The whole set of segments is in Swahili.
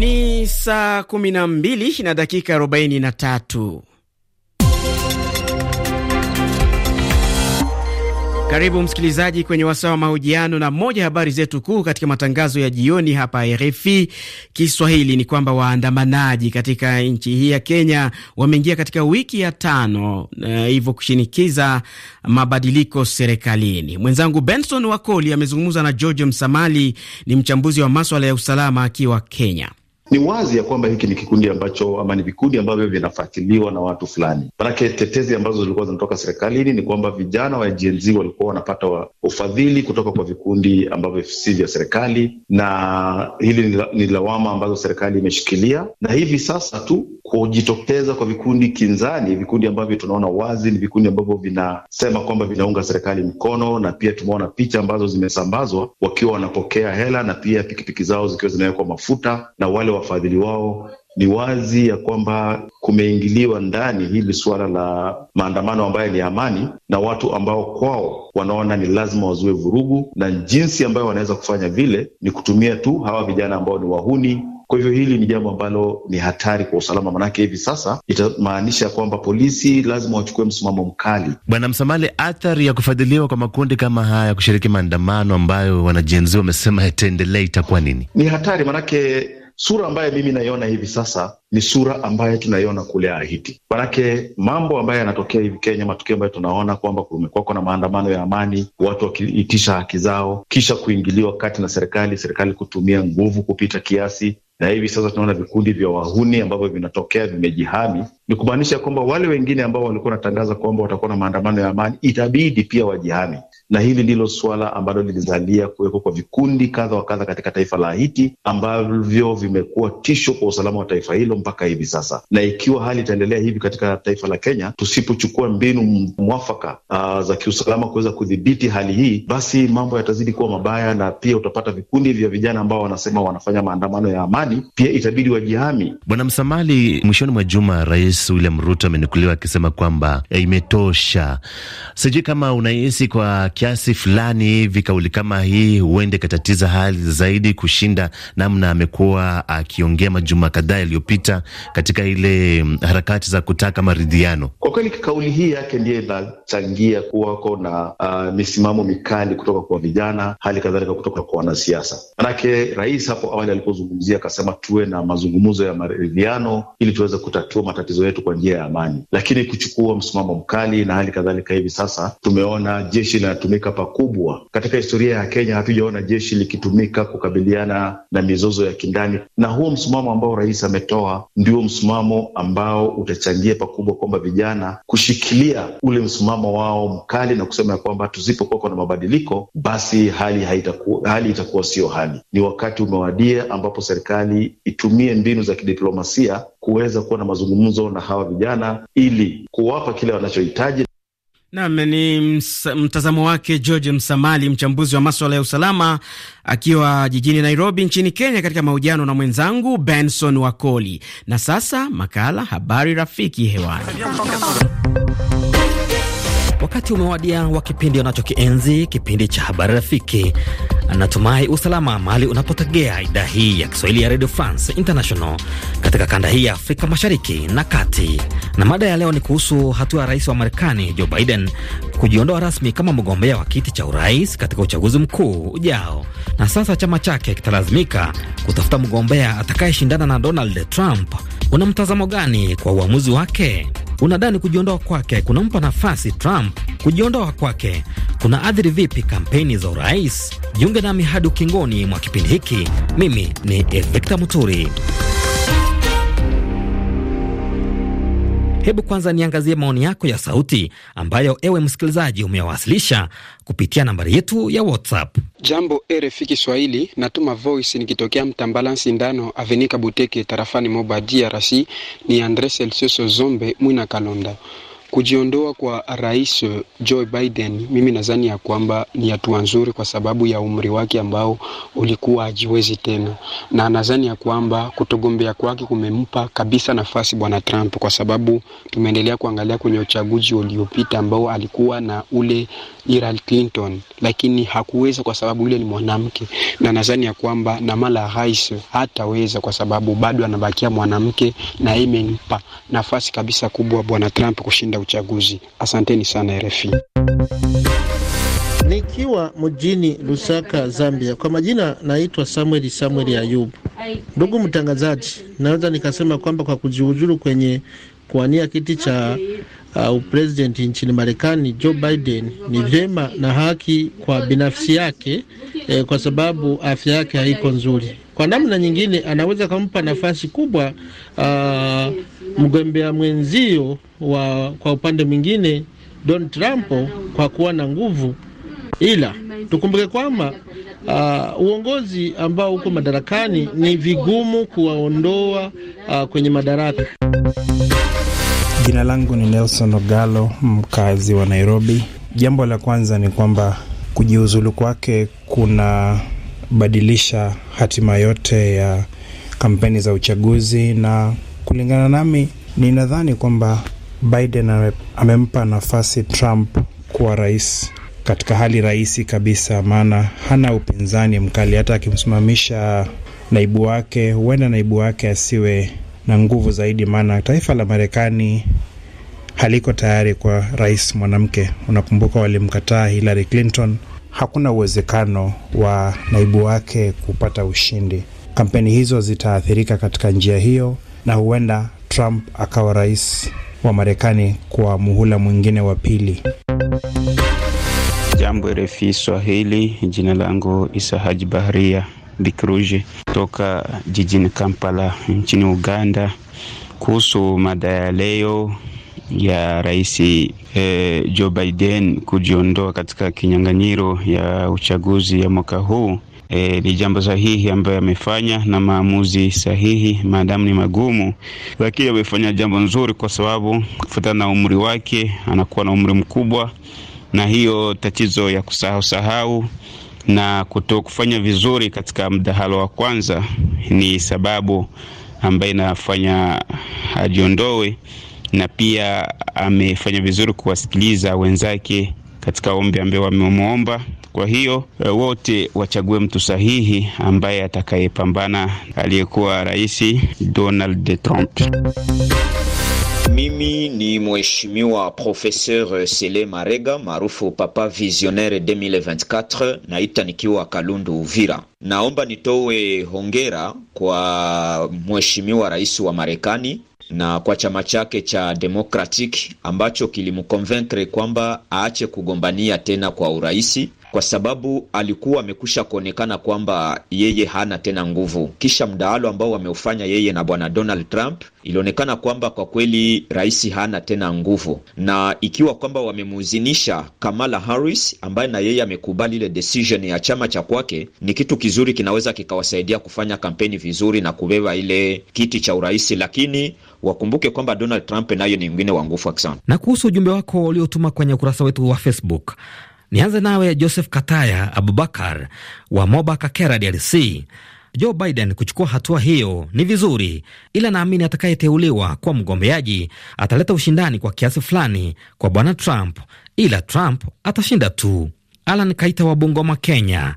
Ni saa 12 na dakika 43. Karibu msikilizaji kwenye wasaa wa mahojiano na moja habari zetu kuu katika matangazo ya jioni hapa RFI Kiswahili ni kwamba waandamanaji katika nchi hii ya Kenya wameingia katika wiki ya tano, eh, hivyo kushinikiza mabadiliko serikalini. Mwenzangu Benson Wakoli amezungumza na George Msamali, ni mchambuzi wa maswala ya usalama akiwa Kenya ni wazi ya kwamba hiki ni kikundi ambacho ama ni vikundi ambavyo vinafuatiliwa na watu fulani. Manake tetezi ambazo zilikuwa zinatoka serikalini ni kwamba vijana wa Gen Z walikuwa wanapata wa ufadhili kutoka kwa vikundi ambavyo si vya serikali, na hili ni lawama ambazo serikali imeshikilia, na hivi sasa tu kujitokeza kwa vikundi kinzani, vikundi ambavyo tunaona wazi ni vikundi ambavyo vinasema kwamba vinaunga serikali mkono, na pia tumeona picha ambazo zimesambazwa wakiwa wanapokea hela na pia pikipiki zao zikiwa zinawekwa mafuta na wale wafadhili wao, ni wazi ya kwamba kumeingiliwa ndani hili suala la maandamano ambayo ni amani, na watu ambao kwao wanaona ni lazima wazue vurugu, na jinsi ambayo wanaweza kufanya vile ni kutumia tu hawa vijana ambao ni wahuni. Kwa hivyo hili ni jambo ambalo ni hatari kwa usalama, manake hivi sasa itamaanisha kwamba polisi lazima wachukue msimamo mkali. Bwana Msamali, athari ya kufadhiliwa kwa makundi kama haya kushiriki maandamano ambayo wanajenzi wamesema yataendelea itakuwa nini? Ni hatari manake Sura ambayo mimi naiona hivi sasa ni sura ambayo tunaiona kule Ahiti, manake mambo ambayo yanatokea hivi Kenya, matukio ambayo tunaona kwamba kumekuwako na maandamano ya amani, watu wakiitisha haki zao, kisha kuingiliwa kati na serikali, serikali kutumia nguvu kupita kiasi na hivi sasa tunaona vikundi vya wahuni ambavyo vinatokea vimejihami. Ni kumaanisha kwamba wale wengine ambao walikuwa wanatangaza kwamba watakuwa na maandamano ya amani itabidi pia wajihami na hili ndilo suala ambalo lilizalia kuwepo kwa vikundi kadha wa kadha katika taifa la Haiti ambavyo vimekuwa tisho kwa usalama wa taifa hilo mpaka hivi sasa. Na ikiwa hali itaendelea hivi katika taifa la Kenya, tusipochukua mbinu mwafaka uh, za kiusalama kuweza kudhibiti hali hii, basi mambo yatazidi kuwa mabaya, na pia utapata vikundi vya vijana ambao wanasema wanafanya maandamano ya amani, pia itabidi wajihami. Bwana Msamali, mwishoni mwa juma Rais William Ruto amenukuliwa akisema kwamba eh, imetosha. Sijui kama unahisi kwa kiasi fulani hivi kauli kama hii huenda ikatatiza hali zaidi kushinda namna amekuwa akiongea majuma kadhaa yaliyopita katika ile mm, harakati za kutaka maridhiano. Kwa kweli kauli hii yake ndiyo inachangia kuwako na uh, misimamo mikali kutoka kwa vijana, hali kadhalika kutoka kwa wanasiasa. Manake rais hapo awali alipozungumzia akasema tuwe na mazungumzo ya maridhiano ili tuweze kutatua matatizo yetu kwa njia ya amani, lakini kuchukua msimamo mkali na hali kadhalika hivi sasa tumeona jeshi linatumia limetumika pakubwa katika historia ya Kenya. Hatujaona jeshi likitumika kukabiliana na mizozo ya kindani, na huo msimamo ambao rais ametoa ndio msimamo ambao utachangia pakubwa kwamba vijana kushikilia ule msimamo wao mkali na kusema ya kwamba tusipokuwa kuna mabadiliko, basi hali haitaku, hali itakuwa sio hali. Ni wakati umewadia ambapo serikali itumie mbinu za kidiplomasia kuweza kuwa na mazungumzo na hawa vijana ili kuwapa kile wanachohitaji. Nam ni mtazamo wake George Msamali, mchambuzi wa maswala ya usalama, akiwa jijini Nairobi nchini Kenya, katika mahojiano na mwenzangu Benson Wakoli. Na sasa makala Habari Rafiki hewani. Wakati umewadia wa kipindi wanachokienzi, kipindi cha Habari Rafiki. Natumai usalama mahali unapotegea idhaa hii ya Kiswahili ya Radio France International katika kanda hii ya Afrika Mashariki na Kati. Na mada ya leo ni kuhusu hatua ya rais wa Marekani Joe Biden kujiondoa rasmi kama mgombea wa kiti cha urais katika uchaguzi mkuu ujao, na sasa chama chake kitalazimika kutafuta mgombea atakayeshindana na Donald Trump. Una mtazamo gani kwa uamuzi wake? Unadhani kujiondoa kwake kunampa nafasi Trump? Kujiondoa kwake kuna adhiri vipi kampeni za urais? Jiunge nami hadi ukingoni mwa kipindi hiki. Mimi ni Victor Muturi. Hebu kwanza niangazie maoni yako ya sauti ambayo ewe msikilizaji umewasilisha kupitia nambari yetu ya WhatsApp. Jambo RFI Kiswahili, natuma voice nikitokea Mtambala Sindano Avenika Buteke tarafani Moba DRC. Ni Andre Celsius Zombe Mwina Kalonda. Kujiondoa kwa Rais eh, Joe Biden mimi nadhani ya kwamba ni hatua nzuri kwa sababu ya umri wake ambao ulikuwa hajiwezi tena, na nadhani ya kwamba kutogombea kwake kumempa kabisa nafasi bwana Trump, kwa sababu tumeendelea kuangalia kwenye uchaguzi uliopita ambao alikuwa na ule Hillary Clinton, lakini hakuweza kwa sababu yule ni mwanamke, na nadhani ya kwamba na mala rais hataweza kwa sababu bado anabakia mwanamke, na imempa nafasi kabisa kubwa bwana Trump kushinda uchaguzi. Asanteni sana RFI. Nikiwa mjini Lusaka, Zambia. Kwa majina naitwa Samuel Samuel Ayubu. Ndugu mtangazaji, naweza nikasema kwamba kwa kujiuzulu kwenye kuwania kiti cha uh, upresidenti nchini Marekani, Joe Biden ni vyema na haki kwa binafsi yake eh, kwa sababu afya yake haiko nzuri. Kwa namna nyingine, anaweza kumpa nafasi kubwa uh, mgombea mwenzio wa kwa upande mwingine Donald Trump kwa kuwa na nguvu, ila tukumbuke kwamba uh, uongozi ambao uko madarakani ni vigumu kuwaondoa uh, kwenye madaraka. Jina langu ni Nelson Ogalo, mkazi wa Nairobi. Jambo la kwanza ni kwamba kujiuzulu kwake kunabadilisha hatima yote ya kampeni za uchaguzi na kulingana nami, ninadhani kwamba Biden amempa nafasi Trump kuwa rais katika hali rahisi kabisa, maana hana upinzani mkali. Hata akimsimamisha naibu wake, huenda naibu wake asiwe na nguvu zaidi, maana taifa la Marekani haliko tayari kwa rais mwanamke. Unakumbuka walimkataa Hillary Clinton. Hakuna uwezekano wa naibu wake kupata ushindi. Kampeni hizo zitaathirika katika njia hiyo na huenda Trump akawa rais wa Marekani kwa muhula mwingine wa pili. Jambo RFI Swahili, jina langu Isa Haji Baharia Bikruji toka jijini Kampala nchini Uganda, kuhusu mada ya leo ya rais eh, Joe Biden kujiondoa katika kinyang'anyiro ya uchaguzi ya mwaka huu e, ni jambo sahihi ambayo amefanya na maamuzi sahihi, maadamu ni magumu, lakini amefanya jambo nzuri, kwa sababu kufuatana na umri wake anakuwa na umri mkubwa, na hiyo tatizo ya kusahau sahau na kufanya vizuri katika mdahalo wa kwanza ni sababu ambayo inafanya ajiondoe, na pia amefanya vizuri kuwasikiliza wenzake katika ombi ambayo wamemwomba. Kwa hiyo e, wote wachague mtu sahihi ambaye atakayepambana aliyekuwa rais Donald Trump. Mimi ni mheshimiwa Professeur Sele Marega maarufu Papa Visionnaire 2024 naita nikiwa Kalundu Uvira. Naomba nitowe hongera kwa mheshimiwa rais wa Marekani na kwa chama chake cha Democratic ambacho kilimkonvenkre kwamba aache kugombania tena kwa uraisi kwa sababu alikuwa amekwisha kuonekana kwamba yeye hana tena nguvu. Kisha mdahalo ambao wameufanya yeye na bwana Donald Trump, ilionekana kwamba kwa kweli rais hana tena nguvu, na ikiwa kwamba wamemuuzinisha Kamala Harris ambaye na yeye amekubali ile decision ya chama cha kwake, ni kitu kizuri, kinaweza kikawasaidia kufanya kampeni vizuri na kubeba ile kiti cha urais, lakini wakumbuke kwamba Donald Trump naye ni mwingine wa nguvu. Aksan, na kuhusu ujumbe wako uliotuma kwenye ukurasa wetu wa Facebook Nianze nawe Joseph Kataya Abubakar wa Moba Kakera, DRC. Joe Biden kuchukua hatua hiyo ni vizuri, ila naamini atakayeteuliwa kuwa mgombeaji ataleta ushindani kwa kiasi fulani kwa bwana Trump, ila Trump atashinda tu. Alan Kaita wa Bungoma, Kenya.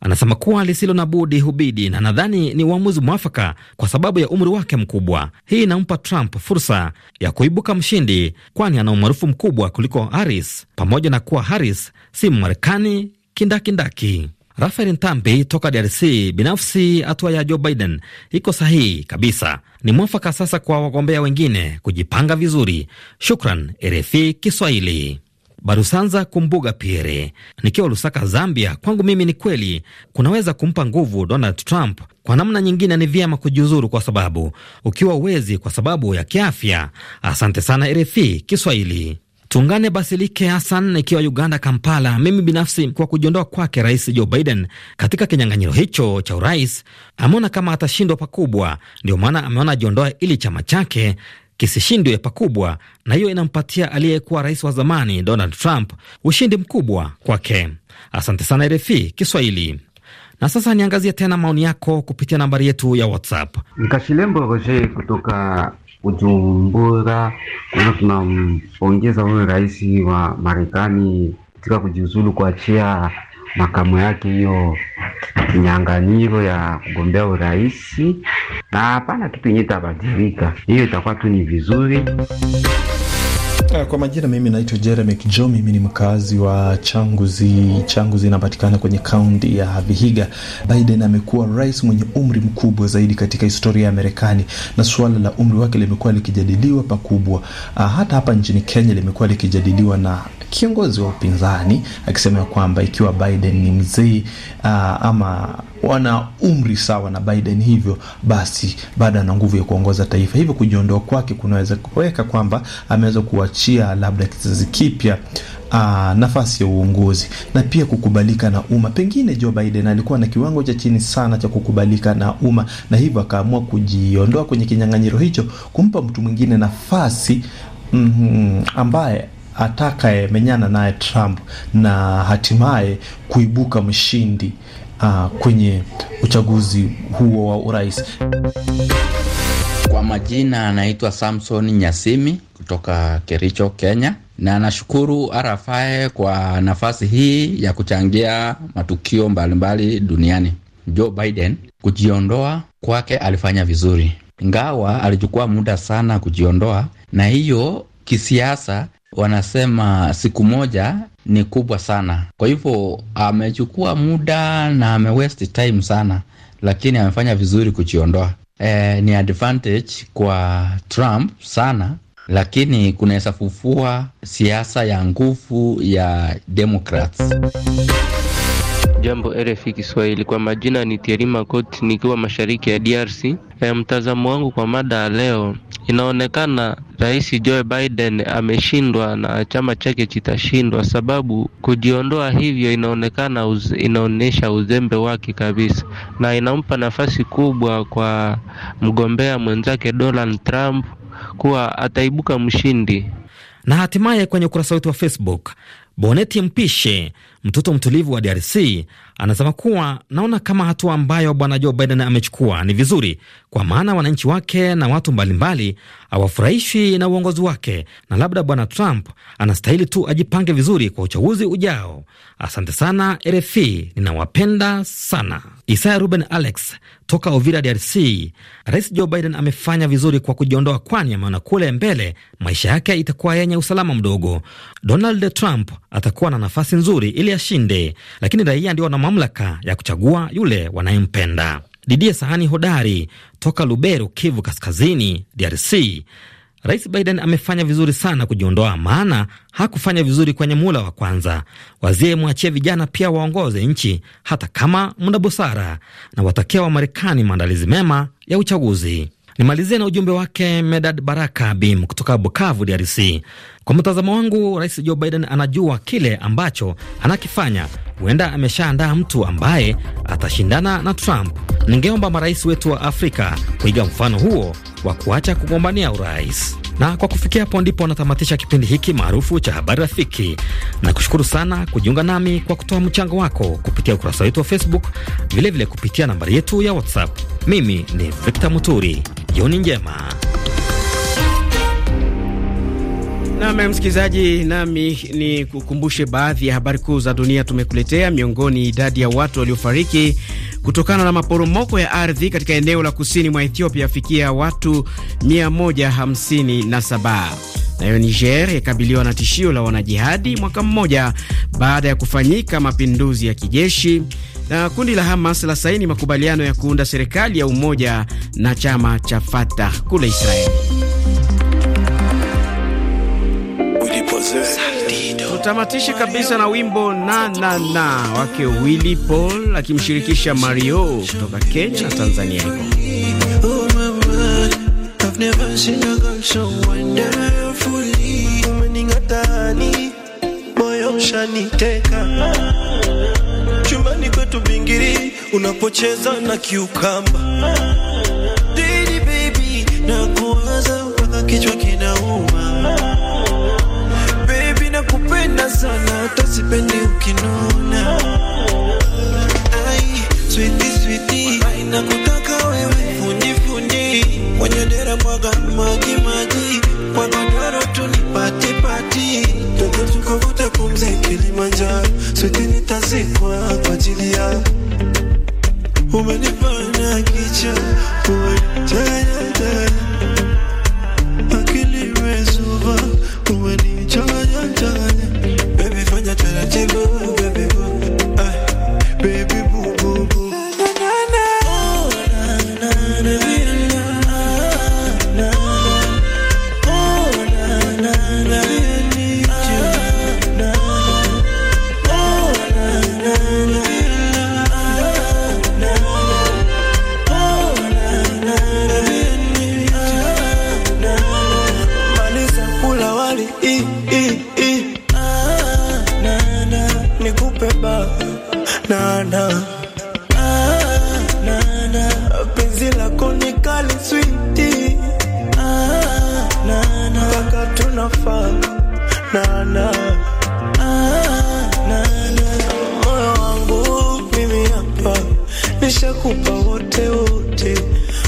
Anasema kuwa lisilo na budi hubidi, na nadhani ni uamuzi mwafaka kwa sababu ya umri wake mkubwa. Hii inampa Trump fursa ya kuibuka mshindi, kwani ana umaarufu mkubwa kuliko Harris, pamoja na kuwa Harris si mmarekani kindakindaki. Rafael Ntambi toka DRC. Binafsi, hatua ya Joe Biden iko sahihi kabisa, ni mwafaka sasa kwa wagombea wengine kujipanga vizuri. Shukran RFI Kiswahili. Barusanza Kumbuga Pierre. Nikiwa Lusaka, Zambia, kwangu mimi ni kweli kunaweza kumpa nguvu Donald Trump. Kwa namna nyingine ni vyema kujiuzuru kwa sababu ukiwa uwezi kwa sababu ya kiafya. Asante sana RFI Kiswahili. Tungane Basilike Hassan ikiwa Uganda, Kampala. Mimi binafsi kwa kujiondoa kwake Rais Joe Biden katika kinyang'anyiro hicho cha urais, ameona kama atashindwa pakubwa, ndio maana ameona ajiondoa ili chama chake kisishindwe pakubwa, na hiyo inampatia aliyekuwa rais wa zamani Donald Trump ushindi mkubwa kwake. Asante sana RFI Kiswahili. Na sasa niangazia tena maoni yako kupitia nambari yetu ya WhatsApp. Nikashilembo Roger kutoka ujumbura Kwanza tunampongeza huyo rais wa Marekani katika kujiuzulu kuachia makamu yake hiyo nyang'anyiro ya kugombea urais, na hapana kitu yenyewe itabadilika, hiyo itakuwa tu ni vizuri. Eh, kwa majina mimi naitwa Jeremy Kijo, mimi ni mkazi wa Changuzi. Changuzi inapatikana kwenye kaunti ya Vihiga. Biden amekuwa rais mwenye umri mkubwa zaidi katika historia ya Marekani, na suala la umri wake limekuwa likijadiliwa pakubwa. Ah, hata hapa nchini Kenya limekuwa likijadiliwa na kiongozi wa upinzani akisema kwamba ikiwa Biden ni mzee uh, ama wana umri sawa na Biden, hivyo basi bado ana nguvu ya kuongoza taifa, hivyo kujiondoa kwake kunaweza kuweka kwamba ameweza kuachia labda kizazi kipya Aa, ah, nafasi ya uongozi na pia kukubalika na umma. Pengine Joe Biden alikuwa na kiwango cha chini sana cha kukubalika na umma, na hivyo akaamua kujiondoa kwenye kinyang'anyiro hicho, kumpa mtu mwingine nafasi mm -hmm, ambaye atakayemenyana naye Trump na hatimaye kuibuka mshindi uh, kwenye uchaguzi huo wa urais. Kwa majina anaitwa Samson Nyasimi kutoka Kericho, Kenya, na nashukuru RFI kwa nafasi hii ya kuchangia matukio mbalimbali mbali duniani. Joe Biden kujiondoa kwake alifanya vizuri, ingawa alichukua muda sana kujiondoa, na hiyo kisiasa wanasema siku moja ni kubwa sana. Kwa hivyo amechukua muda na amewest time sana, lakini amefanya vizuri kujiondoa. E, ni advantage kwa Trump sana, lakini kunaweza fufua siasa ya nguvu ya Democrats. Jambo RFI Kiswahili, kwa majina ni Thierry Makoti nikiwa mashariki ya DRC. E, eh, mtazamo wangu kwa mada ya leo, inaonekana Rais Joe Biden ameshindwa na chama chake kitashindwa, sababu kujiondoa hivyo inaonekana uz, inaonyesha uzembe wake kabisa, na inampa nafasi kubwa kwa mgombea mwenzake Donald Trump kuwa ataibuka mshindi. Na hatimaye kwenye ukurasa wetu wa Facebook Boneti Mpishe, mtoto mtulivu wa DRC, anasema kuwa naona kama hatua ambayo bwana Joe Biden amechukua ni vizuri, kwa maana wananchi wake na watu mbalimbali hawafurahishwi na uongozi wake, na labda bwana Trump anastahili tu ajipange vizuri kwa uchaguzi ujao. Asante sana RFI, ninawapenda sana. Isaya Ruben Alex toka Uvira, DRC. Rais Joe Biden amefanya vizuri kwa kujiondoa, kwani ameona kule mbele maisha yake itakuwa yenye usalama mdogo. Donald Trump atakuwa na nafasi nzuri ili ashinde, lakini raia ndio wana mamlaka ya kuchagua yule wanayempenda. Didie Sahani hodari toka Lubero, Kivu Kaskazini, DRC. Rais Biden amefanya vizuri sana kujiondoa, maana hakufanya vizuri kwenye muhula wa kwanza. Wazee mwachie vijana pia waongoze nchi, hata kama muda busara, na watakia marekani maandalizi mema ya uchaguzi. Nimalizie na ujumbe wake Medad Baraka Bim kutoka Bukavu, DRC. Kwa mtazamo wangu, Rais Joe Biden anajua kile ambacho anakifanya. Huenda ameshaandaa mtu ambaye atashindana na Trump. Ningeomba marais wetu wa Afrika kuiga mfano huo wa kuacha kugombania urais. Na kwa kufikia hapo ndipo anatamatisha kipindi hiki maarufu cha Habari Rafiki. Nakushukuru sana kujiunga nami kwa kutoa mchango wako kupitia ukurasa wetu wa Facebook, vilevile vile kupitia nambari yetu ya WhatsApp. Mimi ni Victor Muturi jioni njema. Nam msikilizaji, nami ni kukumbushe baadhi ya habari kuu za dunia tumekuletea. Miongoni, idadi ya watu waliofariki kutokana na maporomoko ya ardhi katika eneo la kusini mwa Ethiopia afikia watu 157. Nayo Niger yakabiliwa na tishio la wanajihadi mwaka mmoja baada ya kufanyika mapinduzi ya kijeshi na kundi la Hamas la saini makubaliano ya kuunda serikali ya umoja na chama cha Fatah kule Israeli. Tutamatishe kabisa na wimbo na na na wake Willy Paul akimshirikisha Mario kutoka Kenya na Tanzania hiko nyumbani kwetu Bingiri unapocheza na kiukamba Didi baby na kuwaza mpaka kichwa kinauma Baby na kupenda sana hata sipendi ukinona Ai, sweetie sweetie nakutaka wewe fundi fundi kwenye dera mwaga maji maji kwa godoro tunipati pati, pati tukavute pumzi Kilimanjaro, switi nitazikwa kwa ajili ya umenifanya kicha uwe tena kukupa wote wote,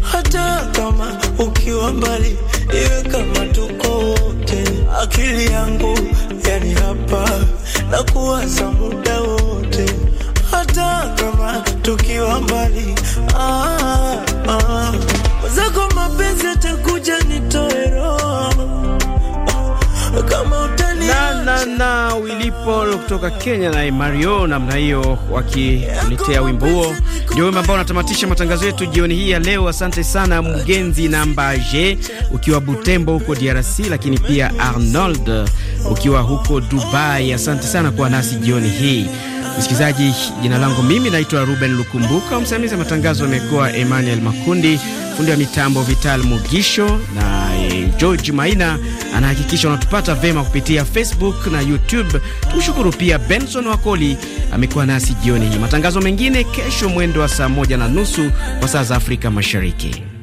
hata kama ukiwa mbali, iwe kama tuko wote. Akili yangu yani hapa na kuwaza muda wote, hata kama tukiwa mbali ah, ah. mapenzi atakuja na Willy Paul kutoka Kenya na Mario namna hiyo wakiletea wimbo huo. Ndio wimbo ambao unatamatisha matangazo yetu jioni hii ya leo. Asante sana Mgenzi namba J ukiwa Butembo huko DRC, lakini pia Arnold ukiwa huko Dubai. Asante sana kwa nasi jioni hii. Msikilizaji, jina langu mimi naitwa Ruben Lukumbuka. Msimamizi wa matangazo amekuwa Emmanuel Makundi, fundi wa mitambo Vital Mugisho na ni George Maina anahakikisha unatupata vema kupitia Facebook na YouTube. Tumshukuru pia Benson Wakoli amekuwa nasi jioni hii. Matangazo mengine kesho mwendo wa saa moja na nusu kwa saa za Afrika Mashariki.